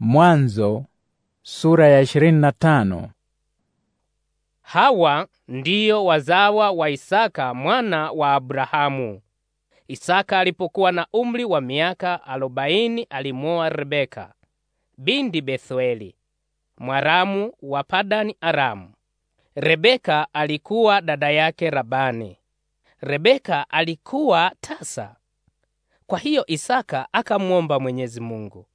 Mwanzo sura ya 25. Hawa ndiyo wazawa wa Isaka mwana wa Abrahamu. Isaka alipokuwa na umri wa miaka arobaini alimuoa Rebeka binti Bethueli Mwaramu wa Padani Aramu. Rebeka alikuwa dada yake Labani. Rebeka alikuwa tasa. Kwa hiyo Isaka akamwomba Mwenyezi Mungu,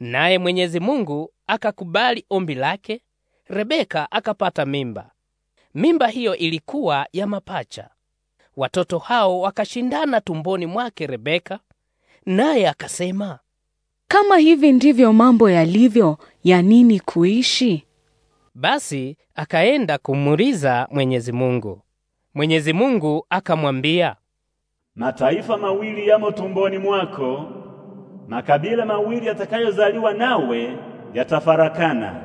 Naye Mwenyezi Mungu akakubali ombi lake, Rebeka akapata mimba. Mimba hiyo ilikuwa ya mapacha. Watoto hao wakashindana tumboni mwake Rebeka, naye akasema, kama hivi ndivyo mambo yalivyo, ya nini kuishi? Basi akaenda kumuuliza Mwenyezi Mungu. Mwenyezi Mungu akamwambia, mataifa mawili yamo tumboni mwako makabila mawili yatakayozaliwa nawe yatafarakana,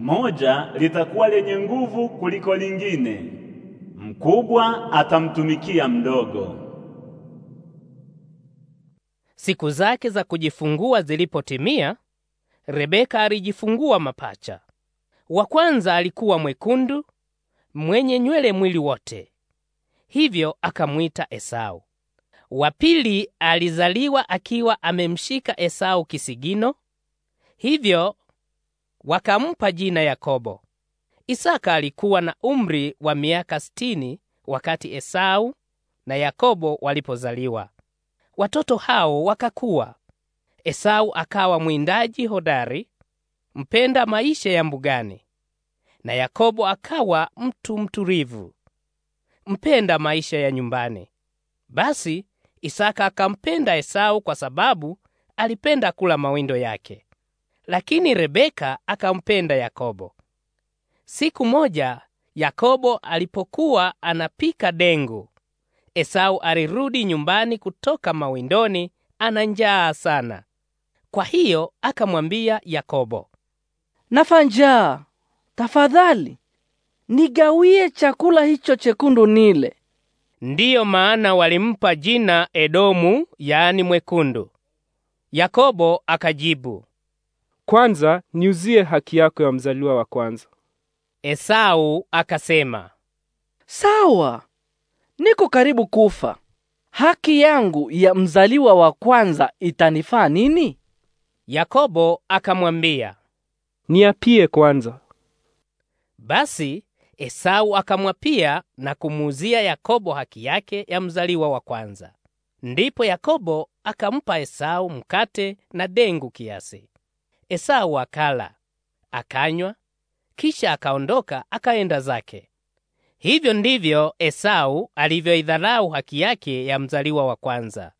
moja litakuwa lenye nguvu kuliko lingine, mkubwa atamtumikia mdogo. Siku zake za kujifungua zilipotimia, Rebeka alijifungua mapacha. Wa kwanza alikuwa mwekundu mwenye nywele mwili wote, hivyo akamwita Esau. Wa pili alizaliwa akiwa amemshika Esau kisigino, hivyo wakampa jina Yakobo. Isaka alikuwa na umri wa miaka sitini wakati Esau na Yakobo walipozaliwa. Watoto hao wakakuwa. Esau akawa mwindaji hodari, mpenda maisha ya mbugani, na Yakobo akawa mtu mturivu mpenda maisha ya nyumbani. Basi Isaka akampenda Esau kwa sababu alipenda kula mawindo yake, lakini Rebeka akampenda Yakobo. Siku moja Yakobo alipokuwa anapika dengu, Esau alirudi nyumbani kutoka mawindoni ana njaa sana. Kwa hiyo akamwambia Yakobo, nafa njaa, tafadhali nigawie chakula hicho chekundu nile. Ndiyo maana walimpa jina Edomu, yaani mwekundu. Yakobo akajibu, kwanza niuzie haki yako ya mzaliwa wa kwanza. Esau akasema, sawa, niko karibu kufa. Haki yangu ya mzaliwa wa kwanza itanifaa nini? Yakobo akamwambia, niapie kwanza. Basi Esau akamwapia na kumuuzia Yakobo haki yake ya mzaliwa wa kwanza. Ndipo Yakobo akampa Esau mkate na dengu kiasi. Esau akala, akanywa, kisha akaondoka akaenda zake. Hivyo ndivyo Esau alivyoidharau haki yake ya mzaliwa wa kwanza.